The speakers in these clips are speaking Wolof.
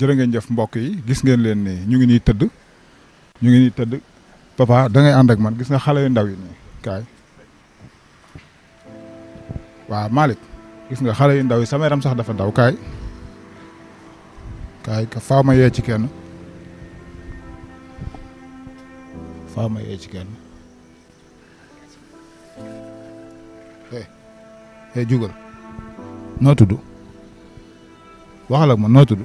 jërë ngeen jëf mbokk yi gis ngeen leen ni ñu ngi nii tëdd ñu ngi nii tëdd papa dangay ànd ak man gis nga xale yu ndaw yi nii kaay waaw Malick gis nga xale yu ndaw yi sama yaram sax dafa daw kaay kaay ka faaw ma yee ci kenn faaw ma yee ci kenn eh jugal noo tudd waxal ma man noo tudd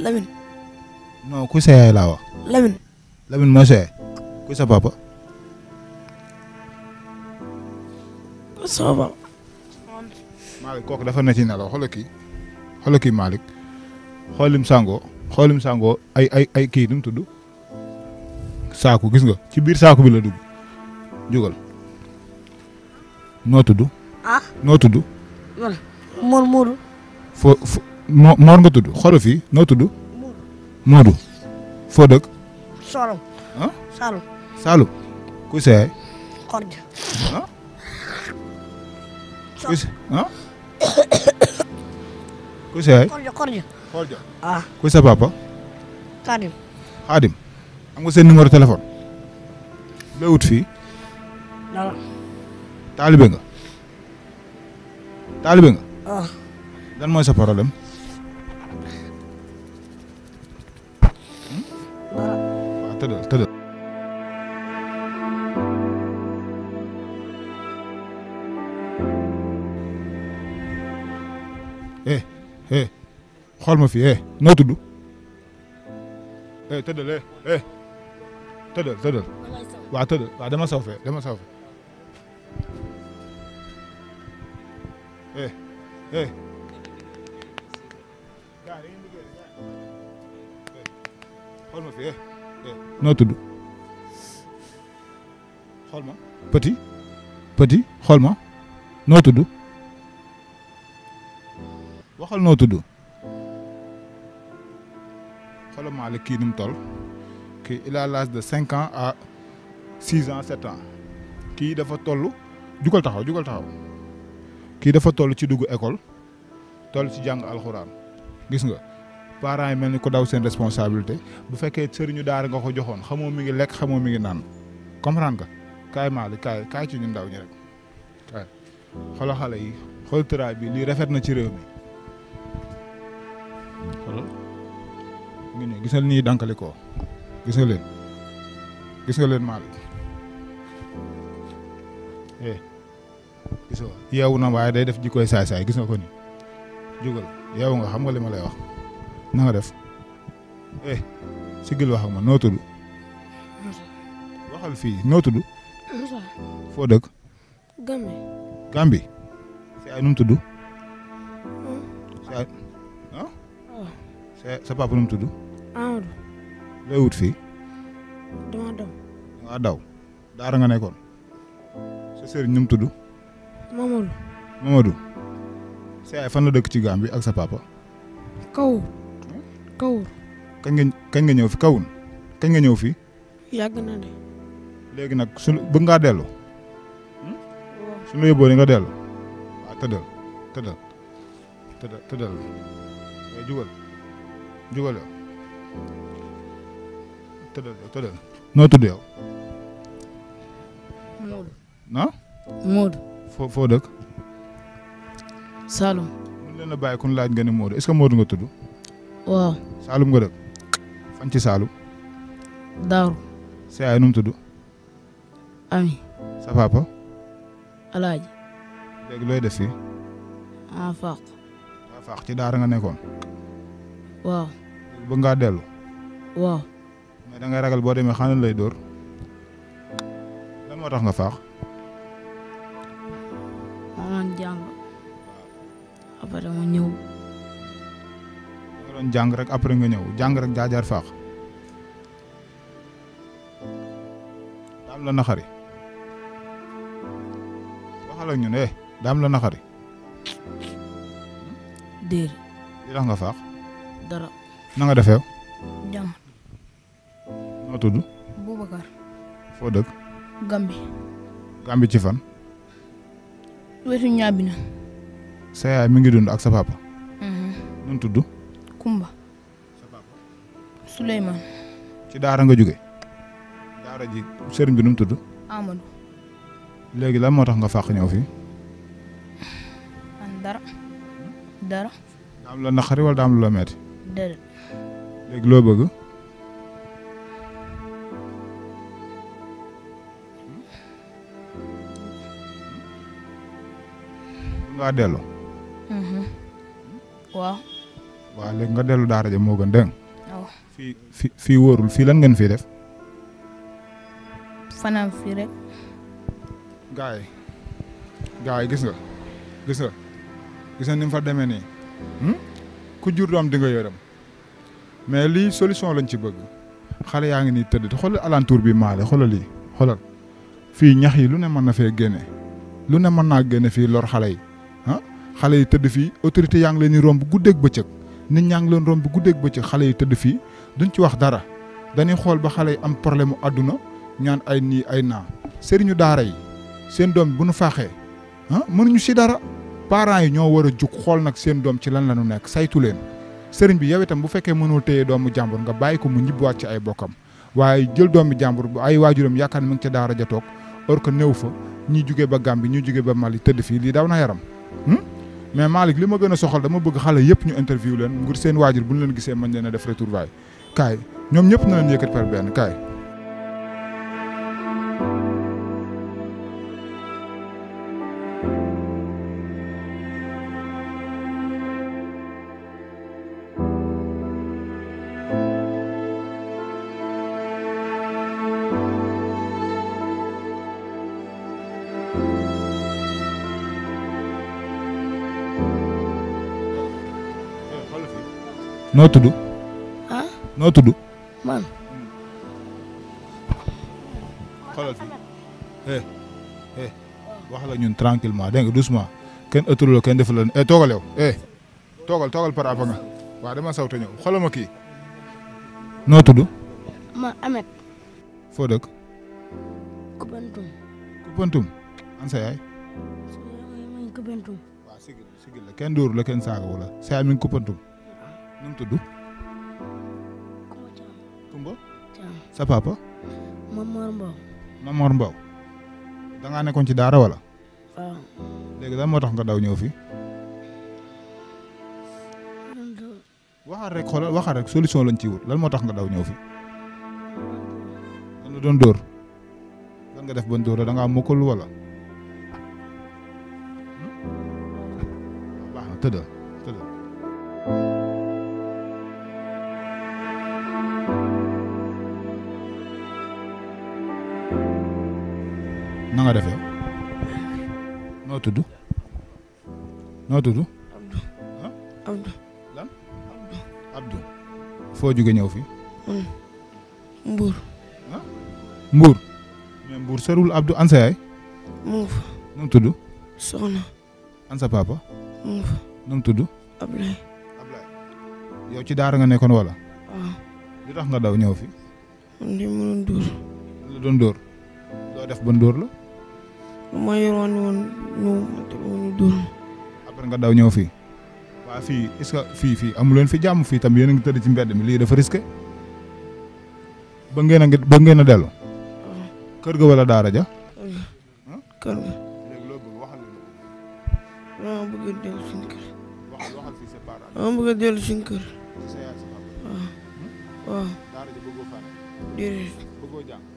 Lamine. non kuy sa yaay laa wax. Lamine. Lamine mooy yaay. kuy papa. sama papa. Malick kooku dafa ne ci nelaw xoolal kii xoolal kii Malick xoolim sangoo xoolim sangoo ay ay ay kii tudd saaku gis nga ci biir saaku bi la dugg jógal noo tudd. Ah. noo tudd. man Mor moo moor nga tudd xoro fii noo tudd. Modou. foo dëkk. Saalum. ah Saalum. Saalum. kuy sa yaay. Xorja. ah. kuy sa ah. kuy sa yaay. Xorja Xorja. Xorja ah. kuy sa papa. Xaadim. Xaadim. am nga seen numéro téléphone. loo wut fii. dara. taalibe nga. taalibe nga. ah. dan mooy sa problème. طلع طلع ايه ايه خال ما في ايه نوتلو ايه تدل ايه ايه تدل تدل بعد تدل بعد ما سوف ده ما سوف ايه ايه, يعني إيه؟ خال ما في ايه no tudd xool ma petit petit xool no noo tudd waxal no tudd xoolal Malick kii ni mu toll kii il a l'âge de cinq ans à six ans sept ans kii dafa toll jugal taxaw jugal taxaw kii dafa toll ci dugg école toll ci jàng alxuraan gis nga. parents yi mel ni ko daw seen responsabilité bu fekkee sëriñu daara nga ko joxoon xamoo mi ngi lekk xamoo mi ngi naan comprendre nga kaay maali kaay kaay ci ñu ndaw ñi rek kaay xale yi xool tëraay bi lii rafet na ci réew mi xoolal gis nga nii dankali koo gis leen gis nga leen maali eh yeewu na waaye day def jikkoy saay-saay gis nga ko ni jugal yeewu nga xam nga li lay wax na nga def eh sigil wax ak man noo waxal fi noo tudd foo dëkk Gambi Gambi si ay num tudd si ay c'est ah? oh. sa papa num tudd Amadou looy wut fi dama daw dama daw dara nga nekkon sa sëriñ num tudd Mamadou Mamadou c'est ay fan la dëkk ci Gambi ak sa papa kaw kawur. kañ nga kañ nga ñëw fi kawun kañ nga ñëw fi. yàgg na de. léegi nag su bëgg ngaa dellu. Hmm? su la yóbboo di nga dellu. waaw tëddal tëddal tëddal tëddal waaye jugal noo tudd yow. Moodu. ah. foo dëkk. Saloum. mën leen a bàyyi kun laaj nga ni Moodu est-ce que Moodu nga tudd. waaw saalum nga dëkk fan ci saalum daaru sa yaay num tudd ami sa papa alaaji léegi looy def fii ah faax ah faax ci daara nga nekkoon waaw bëgg ngaa dellu waaw mais da ngay ragal boo demee xanaa lay dóor lan moo tax nga faax amoon jàng après ma ñëw doon jàng rek après nga ñëw jàng rek jaajaar faax daam la naxari waxal ak ñun eh daam la naxari. déer. li nga faax. dara. na nga defee. noo tudd. Boubacar. foo dëkk. Gambi. Gambi ci fan. wetu ñaabi sa yaay mi ngi dund ak sa papa. Mhm. nu tudd. Souleymane. ci Daara nga jóge Daara ji sëriñ bi nu mu tudd. Amadou. léegi la moo tax nga fàq ñëw fii. man dara dara. daam la naqari wala daam lu la metti. déedéet. léegi loo bëgg. nga dellu. Mhm. waaw. waaw léegi nga dellu Daara ja moo gën dégg fii fii fii wóorul lan ngeen fii def. fanaan fii rek. gaa yi gaa yi gis nga gis nga gis nga ni fa demee nii hmm? ku jur doom di nga yërëm mais lii solution lañ ci bëgg xale yaa ngi nii tëdd te xoolal alentour bi maale xoolal lii xoolal fii ñax yi lu ne mën na fee génne lu ne mën naa génne fii lor xale yi ah xale yi tëdd fii autorité yaa ngi leen di romb guddeeg bëccëg nit ñaa ngi leen romb guddeeg bëccëg xale yi tëdd fii duñ ci wax dara dañuy xool ba xale am problème aduna ñaan ay ni ay na sëriñu daara yi seen doom bu nu faaxee ah mënuñu ci dara parents yi ñoo wara juk jug xool nag seen doom ci lan lañu nekk saytu leen sëriñ bi yow itam bu fekkee mënul téye doomu jambur nga bayiko mu mu ñibbiwaat ci ay bokkam waye jël doomu jambur bu ay waajuram yakkan mu ngi daara ja tok or ko néew fa ñii ba gambi ñu juggé ba Mali fi li daw na yaram hmm? mais malik lima gëna soxal dama bëgg xalé yépp ñu interview leen ngir seen wajur buñu leen gisé mën leen def retour kaay ñoom ñëpp na leen yëkkati par benn kaay. noo tudd noo tudd. man. xoolal fii eh eh wax la ñun tranquillement dégg nga doucement kenn ëttul la kenn defal la eh toogal yow eh toogal toogal par rapport nga waaw dama sawte ñëw noo tudd. ma Amet. foo dëkk. Koupentoum. Koupentoum. an sa yaay. Koupentoum. la kenn dóoru la sa yaay mi ngi Koupentoum nu tudd. sa papa Mamor mom Mamor mbaw da nga nekkon ci daara wala waaw legui da motax nga daw ñew fi waxal rek xolal waxal rek solution lañ ci wut lan motax nga daw ñew fi dañ don dor lan nga def ban dor da nga mukul wala bah hmm? teudal nga defé no tuddu no tuddu abdou Abdou Abdou. lan Abdou. fo jugé ñew fi mm. Mbour. ah Mbour. mais Mbour serul Abdou ansay mouf yaay. tuddu sohna ansa papa. mouf ngi tuddu ablay ablay yow ci daara nga nekkon wala. waaw. lu tax nga daw ñew fi. man de ma la don dóor. do def ban dóor la dama yoroon woon ñëw ma tëboon dóor après nga daw ñëw fii waa fii est-ce que fii fii amu leen fi jàmm fii tam yéen a ngi tëdd ci mbedd mi lii dafa risqué ba ngeen ba ngeen a kër ga wala daara ja kër ga léegi loo bëgg waxal dama bëgg a dellu suñu kër waxal waxal fii sa parent dama bëgg a suñu kër waaw waaw ja bëggoo fàtte déedéet bëggoo jàng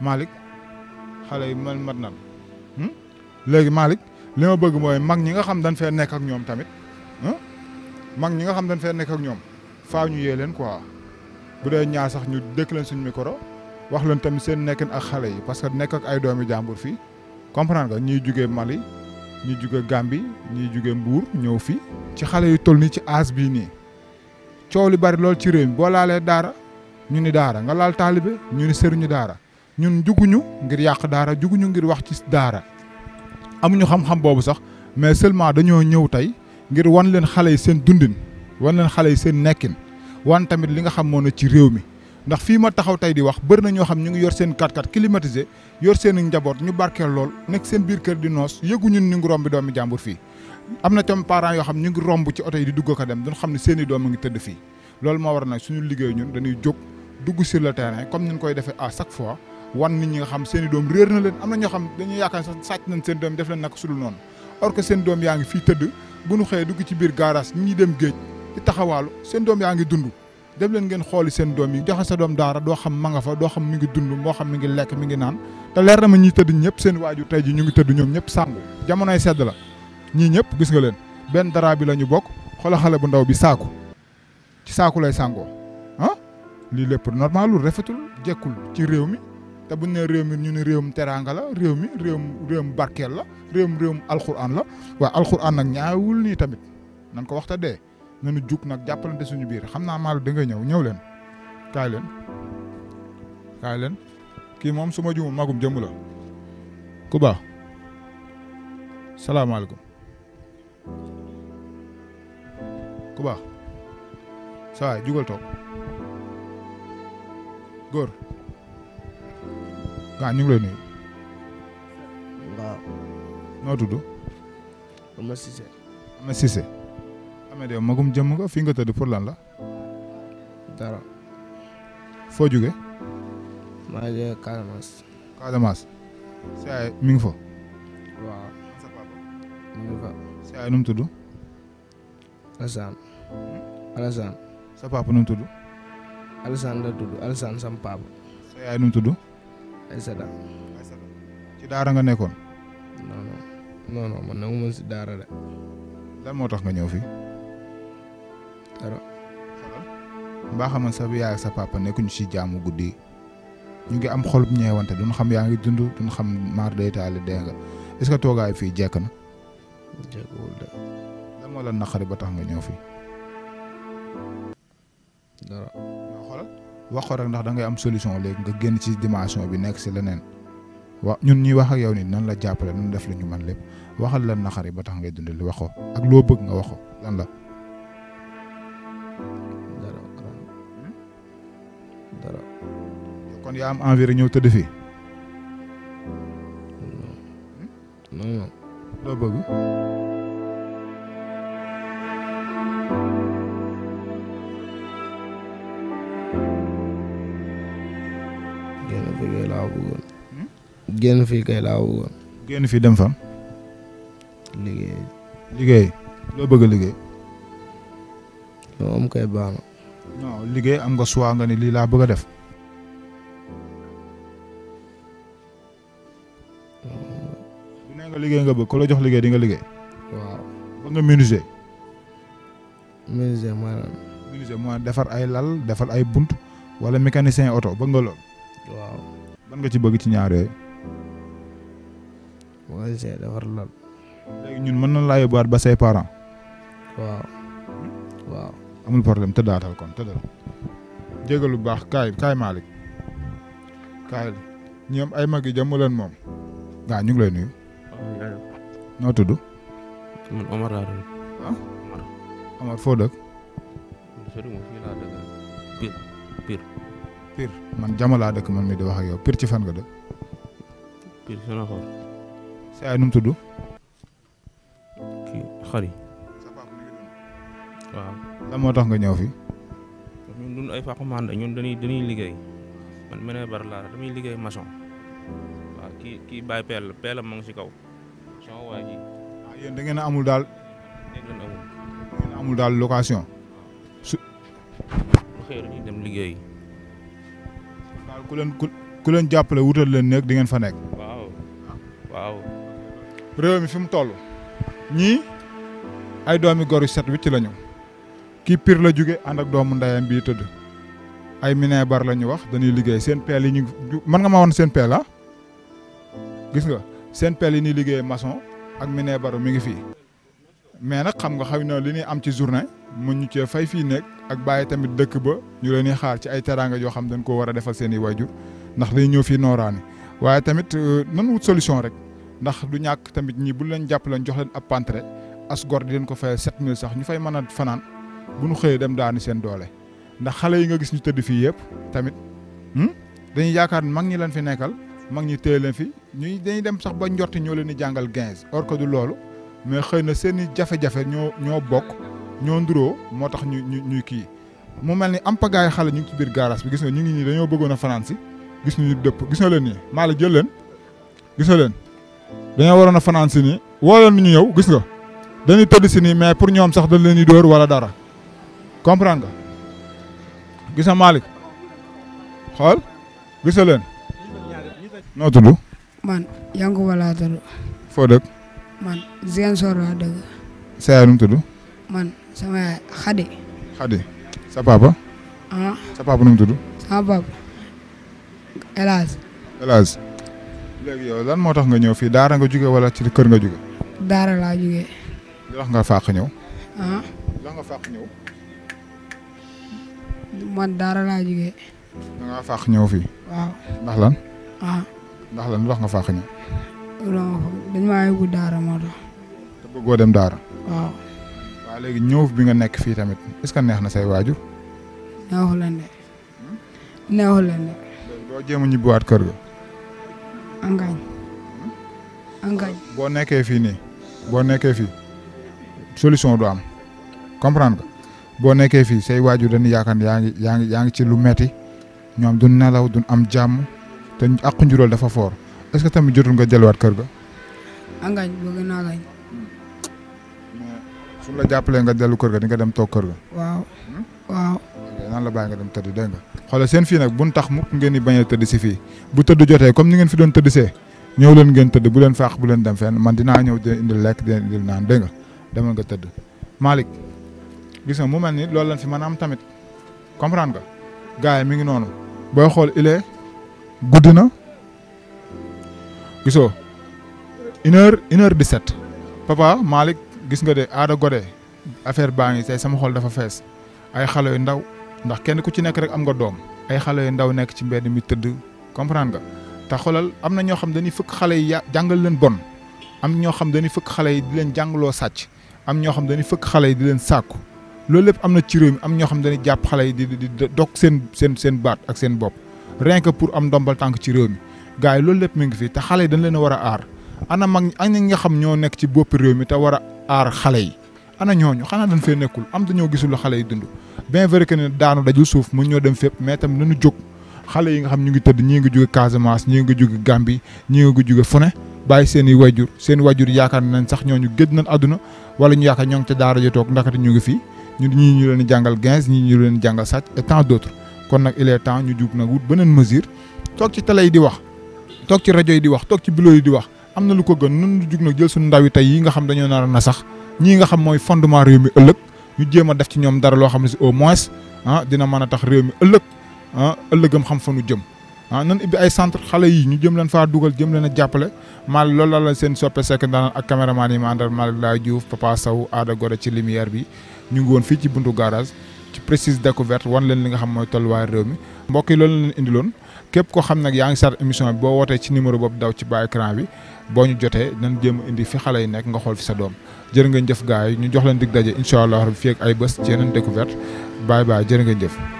Malick xale yi man mat nan hmm? léegi Malick li ma bëgg mooy mag ñi nga xam dañ fee nekk ak ñoom tamit hmm? mag ñi nga xam dañ fee nekk ak ñoom faa ñu yee leen quoi bu dee ñaa sax ñu dëkk leen suñu micro wax leen tamit seen nekkin ak xale yi parce que nekk ak ay doomi jàmbur fii comprendre nga ñiy jugee Mali ñiy jugee Gambie ñiy jugee Mbuur ñëw fii ci xale yi toll ni ci aas bii nii coow li bari lool ci réew mi boo laalee daara ñu ni daara nga laal taalibe ñu ni sëriñu daara. ñun juguñu ngir yàq daara juguñu ngir wax ci daara amuñu xam-xam boobu sax mais seulement dañoo ñëw tey ngir wan leen xale yi seen dundin wan leen xale yi seen nekkin wan tamit li nga xam moo ne ci réew mi ndax fii ma taxaw tey di wax bëri na ñoo xam ñu ngi yor seen 4x4 yor seen njaboot ñu barkeel lool nekk seen biir kër di noos yëgu ñun ñu ngi rombi doomi jàmbur fii am na tam parents yoo xam ñu ngi romb ci oto yi di dugg ko xam ne seen i ngi tëdd fii loolu moo war nag suñu liggéey ñun dañuy jóg dugg sur le terrain comme ñu koy defee à fois wan nit ñi nga xam seen doom reer na leen amna ño xam dañu yaakaar sax sacc nañ seen doom def leen nak sudul non or que seen doom yaangi fi teud bu ñu xey dugg ci biir garage ñi dem geej di taxawaalu seen doom yaangi dund dem leen ngeen xooli seen doom yi joxe sa doom daara do xam ma nga fa do xam mi ngi dund mo xam mi ngi lek mi ngi naan te leer na ma ñi teud ñepp seen waju tay ji ñu ngi ñom ñepp sangu jamono ay sedd la ñi ñepp gis nga leen ben dara bi lañu bok xol bu ndaw bi saaku ci saaku lay sango ah li lepp normalul rafetul jekul ci réew te buñ ne réew mi ñu réew réewum teraanga la réew mi réewum réewum barkeel la réewum réewum alxuraan la waaye alxuraan nag ñaawul nii tamit nan ko waxta dee nañu jug nag jàppalante suñu biir xam naa maal da nga ñëw ñëw leen kaay leen kaay leen kii moom suma ma juumul magum jëmm la ku baax salaamaaleykum ku baax saa jugal toog góor gaa ñu ngi lay nuyu. waaw. noo tudd. Ama Cissé. Ama Cissé. Ameth yow magum jamu nga fii tadi pulang lah? lan la. dara. foo jóge. maa ngi Casamance. Casamance. Mingfo? Wah. ngi fa. waaw. sa papa. mi ngi fa. Saay tudu. mu tudd. Alassane. Hmm? Alassane. sa papa nu mu tudd. Alassane la tudd sam papa. Aysata. daara nga nekkoon. non non nangu ma si daara de. lan moo tax nga ñëw fii. dara. mbaa xaman sa yaay sa papa nekkuñu si jaamu guddi ñu ngi am xolub ñeewante duñ xam yaa ngi dund duñ xam maar day taale dee nga est-ce que fii jekk na. tax nga ñëw wax ko rek ndax da am solution léegi nga génn ci dimension bi nekk si leneen wa ñun ñuy wax ak yow ni nan la jàppale nan def lu ñu man lépp waxal lan naqar yi ba tax ngay dundal wax ko ak loo bëgg nga wax ko lan la. dara hmm? dara. kon yaa am envie ñëw tëdd fii. Hmm? loo bëgg. génn fii kay laa bëggoon. génn fii dem fa. liggéey. liggéey loo bëgg a liggéey. moom kay baax na. non liggéey am nga choix nga ni lii laa bëgg a def. bu ne nga liggéey nga bëgg ku la jox liggéey di nga liggéey. waaw ba nga menuisier. menuisier maanaam. menuisier mooy defar ay lal defar ay bunt wala mécanicien oto ba nga lool. waaw ban nga ci bëgg ci ñaar yooyu. see defar lal. léegi ñun mën na laa yóbbuwaat ba say parents. waaw waaw. amul problème tëddaatal kon tëddal jégalu baax kaay kaay Malick kaay ñoom ay mag yi moom. waaw ñu ngi lay nuyu. noo tudd. man Omar laa tudd. ah Omar. Omar foo dëkk. Pire Pire. Pire man Jama dëkk man mi di wax ak yow ci fan nga dëkk. Saya ay nu mu tudd. kii xari. waaw. lan moo tax nga ñëw fi. ñun duñ ay faxumaan ñun dañuy dañuy liggéey man mene bar laa damay liggéey maçon waaw kii kii bàyyi peel peelam mu ngi si kaw. sama waa ji. ah yéen iya, da ngeen a amul daal. da ngeen amul. da ngeen amul daal location. Oh. dem liggéey. ku leen ku leen wutal leen di ngeen fa waaw ah. waaw rewmi mi tollu ñi ay doomi gor yu set wicc lañu ki pir la jóge and ak doomu ndayam bi teud ay mine bar la wax dañuy liggéey seen peel yi ñu man nga ma won seen peel ha ah? gis nga seen peel yi ni liggéey maçon ak mine baru mi ngi fi mais nak xam nga xaw na li ni am ci journée mu ñu ci fay fi nek ak baye tamit dekk ba ñu leen ni xaar ci ay teranga yo xam dañ ko wara defal seen wajur ndax dañuy ñëw fi norani waye tamit euh, nan wut solution rek. ndax du ñàkk tamit ñii bu leen jàppaleen jox leen ab pantre as gor di leen ko fayal 7000 sax ñu fay mën a fanaan bu ñu xëyee dem daani seen doole ndax xale yi nga gis ñu tëdd fii yëpp tamit hmm? dañuy yaakaar mag ñi leen fi nekkal mag ñi téye leen fi ñuy dañuy dem sax ba njorti ñoo leen di jàngal 15 or que loolu mais xëy na seen i jafe-jafe ñoo ñoo bokk ñoo nduroo moo tax ñu ñu ñuy kii mu mel ni am pagaay xale ñu ngi ci biir garage bi gis nga ñu ngi ñii dañoo bëggoon a si gis ñu dëpp leen nii maa la jël leen gis leen dañu warona fanan sini si ni ñu gis nga dañu tedd sini nii mais pour ñom sax dañ leen di door wala dara comprendre nga gis malik xol gisa leen. no tuddu man yangu wala dar fo dekk man Zian soro dëkk. sa yaay tuddu man sama yaay Xadi. sa papa. ah sa papa nu tuddu sa papa elaz elaz léegi yow lan moo tax nga ñëw fii daara nga jóge wala ci kër nga jóge daara laa jóge li wax nga fàq ñëw ah la nga fàq ñëw man daara laa jóge da ñëw fii ndax lan ah. ndax lan wax nga fàq ñëw dañ maa yóbbu daara moo tax te bëggoo dem daara waaw léegi ñëw bi nga nekk fii tamit est neex na say waajur neexu leen de neexu leen de doo jéem a ñibbiwaat kër ga Engaañ Engaañ. boo nekkee fii nii boo nekkee fi solution du am comprend boo nekkee fii say waajur dañuy yaakaar ne yaa ngi yaa ngi yaa ngi ci lu metti ñoom duñ nelaw duñ am jàmm te àqu njuróol dafa foor est que tamit jotul nga delluwaat kër ga. Engaañ bëgg naa Engaañ. su la jàppalee nga dellu kër ga di nga dem toog kër ga. nan la bàyyi nga dem tëdd dégg nga seen fii nag buñ tax mukk ngeen di bañ a tëdd si fii bu tëdd jotee comme ni ngeen fi doon tëdd see ñëw leen ngeen tëdd bu leen faax bu leen dem fenn man dinaa ñëw dina indil lekk dina indil naan dégg nga demal nga tëdd Malick gis nga mu mel ni loolu lañ fi mën a tamit comprendre nga gars yi mi ngi noonu booy xool ilee guddi na gisoo une heure une heure papa Malick gis nga de aada godee affaire baa ngi tey sama xol dafa fees ay xale ndax kenn ku ci nekk rek am nga doom ay xale yu ndaw nekk ci mbedd mi tëdd comprendre nga te xoolal am na ñoo xam dañuy fëkk xale yi jàngal leen bon am ñoo xam dañuy fëkk xale yi di leen jàngaloo sàcc am ñoo xam dañuy fëkk xale yi di leen sàkku loolu lépp am na ci réew am ñoo xam dañuy jàpp xale yi di di dog seen seen seen baat ak seen bopp rien que pour am ndombal tànk ci réew mi gars yi loolu lépp mi ngi fi te xale yi dañ leen a war a aar ana mag ana ñi nga xam ñoo nekk ci boppi réew mi te war a aar xale yi ana ñooñu xanaa dañ fee nekkul am dañoo gisul xale yi dund bien vrai que ne daanu dajul suuf mën ñoo dem fépp mais tam nañu jóg xale yi nga xam ñu ngi tëdd ñii nga jóge Casamance ñii nga jóge Gambie ñii nga jóge fune bàyyi seen i wajur seen wajur yaakaar nañ sax ñooñu gédd nañ àdduna wala ñu yaakaar ñoo ngi ca daara toog ndaxte ñu ngi fii ñun ñii ñu leen jàngal guinze ñii ñu leen jàngal sàcc et tant d'autres kon nag il est ñu jug nag wut beneen mesure toog ci télé yi di wax toog ci rajo yi di wax toog ci bulo yi di wax am na lu ko gën nun ñu jël suñu ndaw yi tey yi nga xam dañoo nar a na sax ñii nga xam mooy fondement réew mi ëllëg ñu jéem a def ci ñoom dara loo xam ne si au moins ah dina mën a tax réew mi ëllëg ah ëllëgam xam fa nu jëm ah nan ibbi ay centre xale yi ñu jëm leen faa dugal jëm leen a jàppale maal loolu la la seen soppe sekk ndaanaan ak caméraman yi ma àndal Malick Laye Diouf Papa Sow Aada Gore ci lumière bi ñu ngi woon fii ci buntu garage ci précise découverte wan leen li nga xam mooy tolluwaay réew mi mbokk yi loolu leen loon képp ko xam nag yaa ngi sar émission bi ci numéro boobu daw ci ba écran bi boo ñu jotee nan jéem a indi fi xale yi nekk nga xool fi sa doom jërë ngeen jëf gaay ñu jox leen dig daje incha allah fi ay bés ci yeneen découverte bye bye jërë ngeen jëf